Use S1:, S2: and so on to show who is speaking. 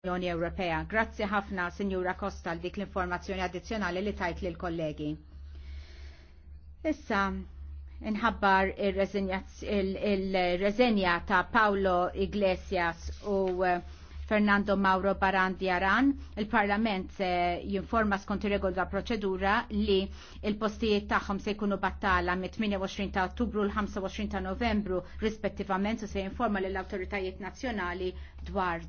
S1: l-Unjoni Ewropea. Grazzi ħafna, Sinjura Costa, dik l-informazzjoni addizzjonali li tajt lil kollegi. Issa, nħabbar il-reżenja ta' Paolo Iglesias u eh, Fernando Mauro Barandi Aran, il-Parlament se eh, jinforma skont regola proċedura li il-postijiet tagħhom se jkunu battala mit-28 ta' Ottubru l-25 ta' Novembru rispettivament u se jinforma lill-awtoritajiet nazzjonali dwar